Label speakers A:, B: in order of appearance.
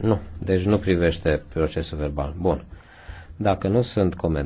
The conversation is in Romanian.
A: Nu, deci nu privește procesul verbal. Bun. Dacă nu
B: sunt comentarii,